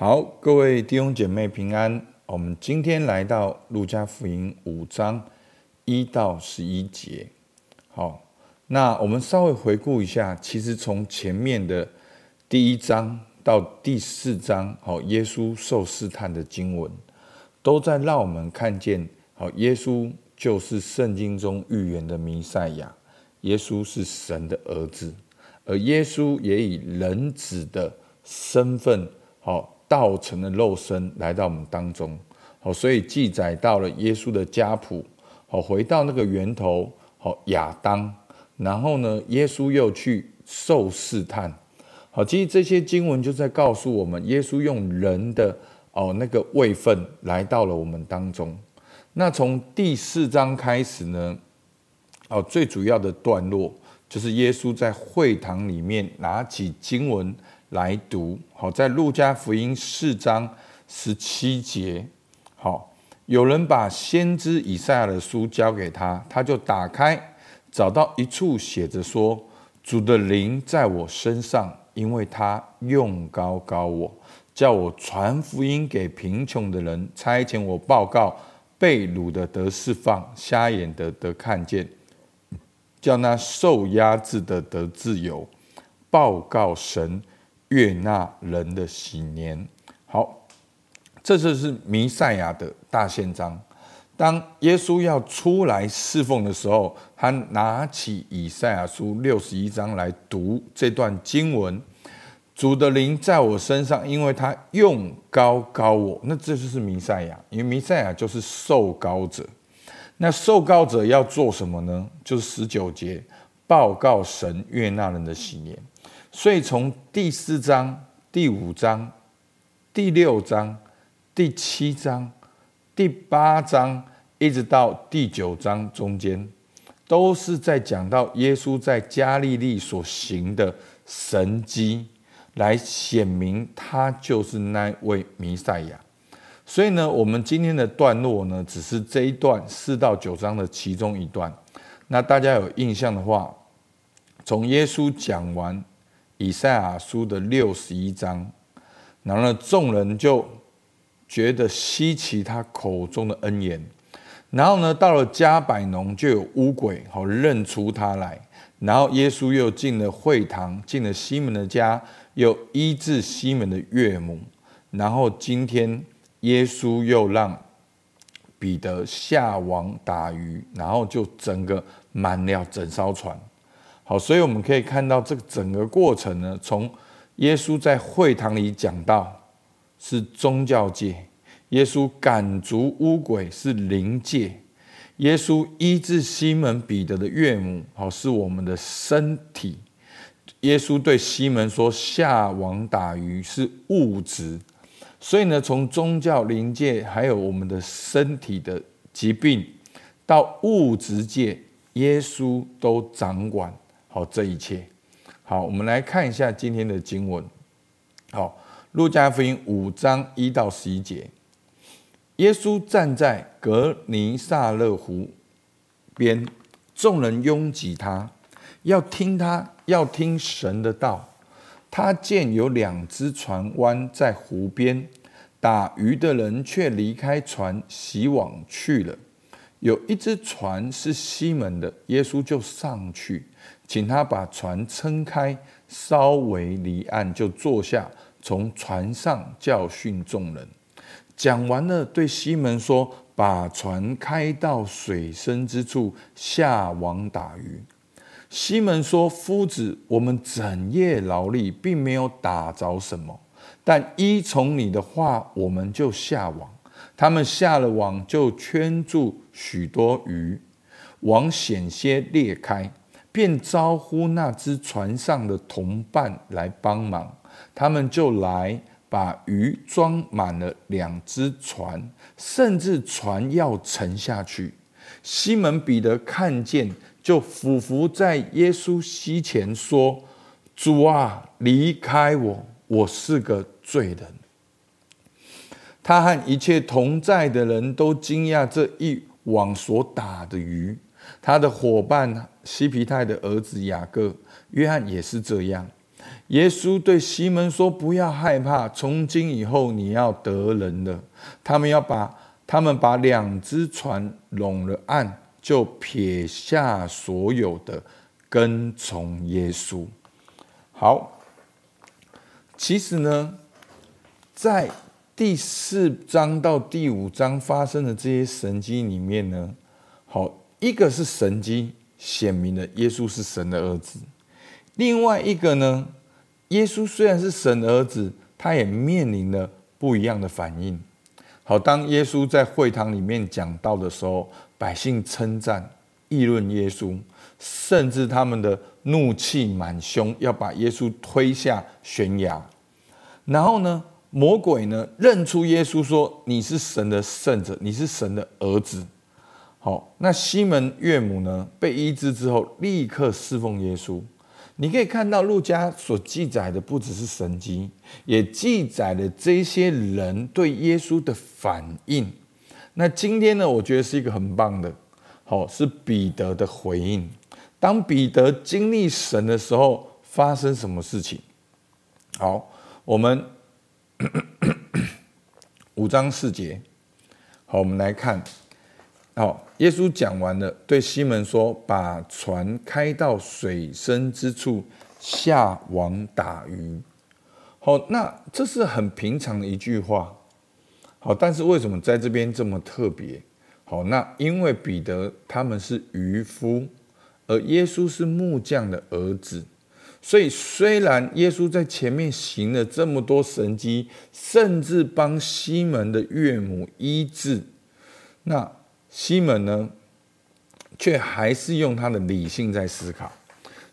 好，各位弟兄姐妹平安。我們今天來到路加福音五章一到十一節。好，那我們稍微回顧一下，其實從前面的第一章到第四章，好、哦，耶穌受試探的經文，都在讓我們看見，好、哦，耶穌就是聖經中預言的彌賽亞，耶穌是神的兒子，而耶穌也以人子的身份，好、哦。道成的肉身來到我們當中，好，所以記載到了耶穌的家譜，好，回到那個源頭，好，亞當，然後呢，耶穌又去受試探，好，其實這些經文就在告訴我們，耶穌用人的哦那個位分來到了我們當中。那從第四章開始呢，哦，最主要的段落就是耶穌在會堂裡面拿起經文。來讀好，在路加福音四章十七節，好，有人把先知以賽亞的書交給他，他就打開，找到一處寫着說：“主的靈在我身上，因為他用膏膏我，叫我傳福音給貧窮的人，差遣我報告被擄的得釋放，瞎眼的得看見，叫那受壓制的得自由，報告神。”悅納人的禧年，好，這就是彌賽亞的大憲章。當耶穌要出來侍奉的時候，他拿起以賽亞書六十一章來讀這段經文。主的靈在我身上，因為他用膏膏我，那這就是彌賽亞，因為彌賽亞就是受膏者。那受膏者要做什麼呢？就是十九節報告神悅納人的禧年。所以從第四章、第五章、第六章、第七章、第八章，一直到第九章中間，都是在講到耶穌在加利利所行的神蹟，來顯明他就是那位彌賽亞。所以呢，我們今天的段落呢，只是這一段四到九章的其中一段。那大家有印象的話，從耶穌講完。以賽亞書的六十一章，然後呢，眾人就覺得稀奇他口中的恩言，然後呢，到了迦百農，就有汙鬼吼認出他來，然後耶穌又進了會堂，進了西門的家，又醫治西門的岳母，然後今天耶穌又讓彼得下網打魚，然後就整個滿了整艘船。好，所以我們可以看到這個整個過程呢，從耶穌在會堂裡講到是宗教界；耶穌趕逐汙鬼是靈界；耶穌醫治西門彼得的岳母，好，是我們的身體；耶穌對西門說下網打魚是物質。所以呢，從宗教、靈界，還有我們的身體的疾病，到物質界，耶穌都掌管。好，這一切，好，我們來看一下今天的經文。好，路加福音五章一到十一節，耶穌站在革尼撒勒湖邊，眾人擁擠他，要聽他，要聽神的道。他見有兩隻船灣在湖邊，打魚的人卻離開船洗網去了。有一隻船是西門的，耶穌就上去。請他把船撐開，稍微離岸就坐下，從船上教訓眾人。講完了，對西門說：“把船開到水深之處，下網打魚。”西門說：“夫子，我們整夜勞力，並沒有打着什麼。但依從你的話，我們就下網。”他們下了網，就圈住許多魚，網險些裂開。便招呼那隻船上的同伴來幫忙，他們就來把魚裝滿了兩隻船，甚至船要沉下去。西門彼得看見，就俯伏在耶穌膝前說：“主啊，離開我，我是個罪人。”他和一切同在的人都驚訝這一網所打的魚，他的夥伴西庇太的兒子雅各、約翰也是這樣。耶穌對西門說：“不要害怕，從今以後你要得人了。”他們要把他們把兩隻船攏了岸，就撇下所有的，跟從耶穌。好，其實呢，在第四章到第五章發生的這些神蹟裡面呢，好，一個是神蹟顯明了，耶穌是神的兒子。另外一個呢，耶穌雖然是神的兒子，他也面臨了不一樣的反應。好，當耶穌在會堂裡面講道的時候，百姓稱讚、議論耶穌，甚至他們的怒氣滿胸，要把耶穌推下懸崖。然後呢，魔鬼呢認出耶穌，說：“你是神的聖者，你是神的兒子。”好，那西門岳母呢？被醫治之後，立刻侍奉耶穌。你可以看到路加所記載的，不只是神蹟，也記載了這些人對耶穌的反應。那今天呢？我覺得是一個很棒的，好，是彼得的回應。當彼得經歷神的時候，發生什麼事情？好，我們五章四節，好，我們來看。好，耶穌講完了，對西門說：“把船開到水深之處，下網打魚。”好，那這是很平常的一句話。好，但是為什麼在這邊這麼特別？好，那因為彼得他們是漁夫，而耶穌是木匠的兒子，所以雖然耶穌在前面行了這麼多神蹟，甚至幫西門的岳母醫治，那。西門呢，卻還是用他的理性在思考。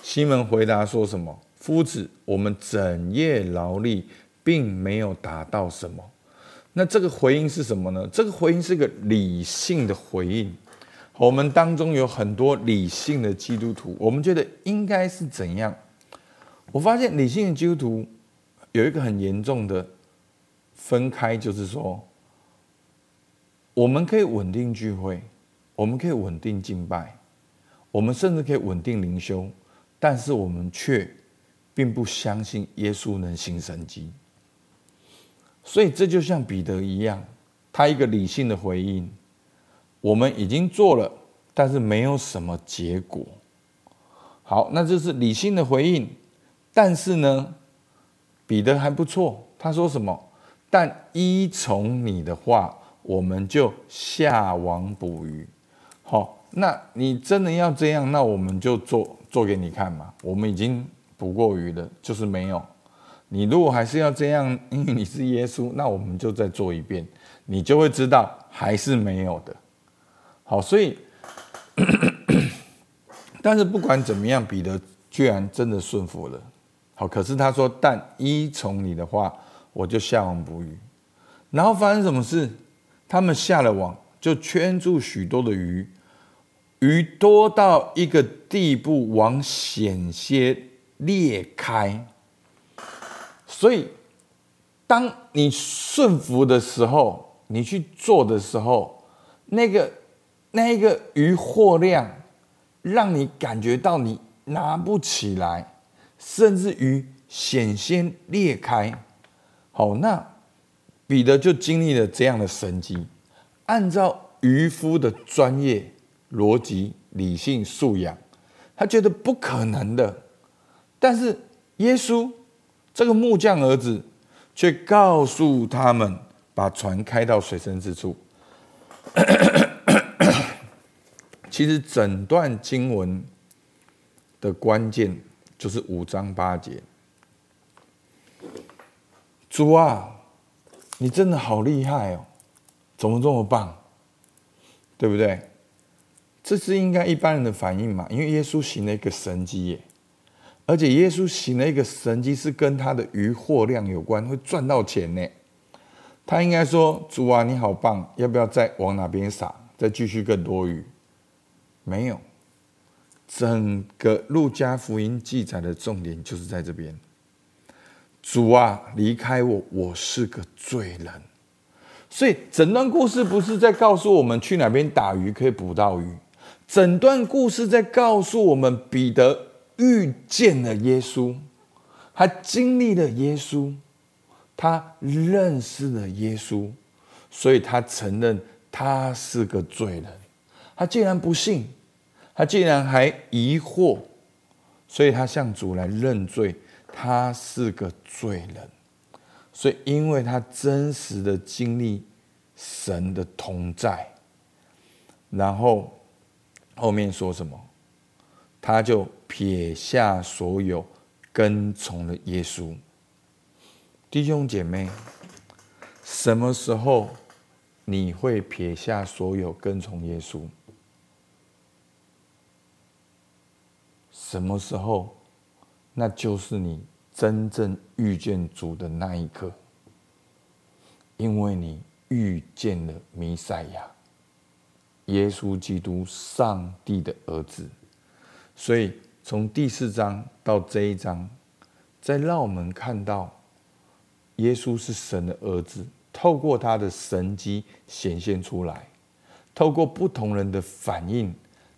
西門回答說什麼？夫子，我們整夜勞力，並沒有達到什麼。那這個回應是什麼呢？這個回應是個理性的回應。我們當中有很多理性的基督徒，我們覺得應該是怎樣？我發現理性的基督徒有一個很嚴重的分開，就是說，我們可以穩定聚會，我們可以穩定敬拜，我們甚至可以穩定靈修，但是我們卻並不相信耶穌能行神蹟。所以這就像彼得一樣，他一個理性的回應：我們已經做了，但是沒有什麼結果。好，那這是理性的回應。但是呢，彼得還不錯，他說什麼？但依從你的話。我們就下網捕魚，好，那你真的要這樣？那我們就做做給你看嘛。我們已經捕過魚了，就是沒有。你如果還是要這樣，因為你是耶穌，那我們就再做一遍，你就會知道還是沒有的。好，所以咳咳咳，但是不管怎麼樣，彼得居然真的順服了。好，可是他說：“但依從你的話，我就下網捕魚。”然後發生什麼事？他們下了網，就圈住許多的魚，魚多到一個地步，網險些裂開。所以，當你順服的時候，你去做的時候，那個那個魚貨量，讓你感覺到你拿不起來，甚至魚險些裂開。好，那。彼得就經歷了這樣的神蹟，按照漁夫的專業邏輯、理性素養，他覺得不可能的。但是耶穌這個木匠兒子卻告訴他們，把船開到水深之處。其實整段經文的關鍵就是五章八節，主啊。你真的好厲害哦，怎麼這麼棒？對不對？這是應該一般人的反應嘛？因為耶穌行了一個神蹟耶，而且耶穌行了一個神蹟是跟他的魚獲量有關，會賺到錢呢。他應該說：“主啊，你好棒，要不要再往哪邊撒，再繼續更多魚？”沒有，整個路加福音記載的重點就是在這邊。主啊，離開我，我是個罪人。所以整段故事不是在告訴我們去哪邊打魚可以捕到魚，整段故事在告訴我們，彼得遇見了耶穌，他經歷了耶穌，他認識了耶穌，所以他承認他是個罪人。他竟然不信，他竟然還疑惑，所以他向主來認罪。他是個罪人，所以因為他真實的經歷神的同在，然後後面說什麼，他就撇下所有跟從了耶穌。弟兄姐妹，什麼時候你會撇下所有跟從耶穌？什麼時候？那就是你真正遇見主的那一刻，因為你遇見了彌賽亞、耶穌基督，上帝的兒子。所以從第四章到這一章，再讓我們看到，耶穌是神的兒子，透過他的神蹟顯現出來，透過不同人的反應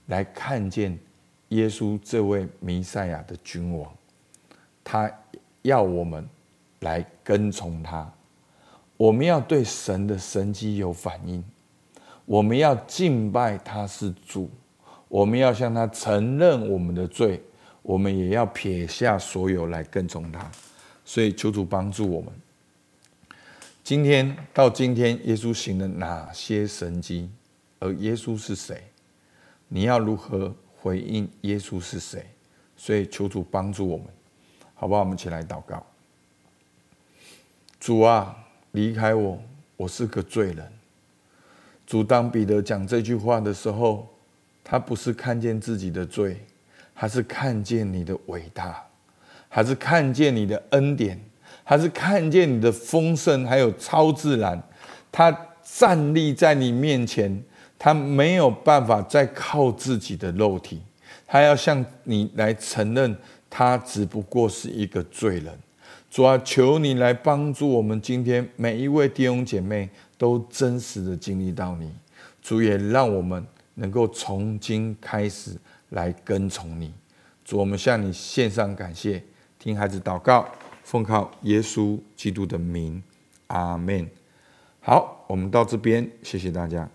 來看見耶穌這位彌賽亞的君王。他要我們來跟從他，我們要對神的神蹟有反應，我們要敬拜他是主，我們要向他承認我們的罪，我們也要撇下所有來跟從他。所以求主幫助我們。今天到今天，耶穌行了哪些神蹟？而耶穌是誰？你要如何回應耶穌是誰？所以求主幫助我們。好不好？我們一起來禱告。主啊，離開我，我是個罪人。主，當彼得講這句話的時候，他不是看見自己的罪，而是看見你的偉大，而是看見你的恩典，而是看見你的豐盛，還有超自然。他站立在你面前，他沒有辦法再靠自己的肉體，他要向你來承認。他只不過是一個罪人。主啊，求你來幫助我們，今天每一位弟兄姐妹都真實的經歷到你。主也讓我們能夠從今開始來跟從你。主，我們向你獻上感謝，聽孩子禱告，奉靠耶穌基督的名，阿門。好，我們到這邊，謝謝大家。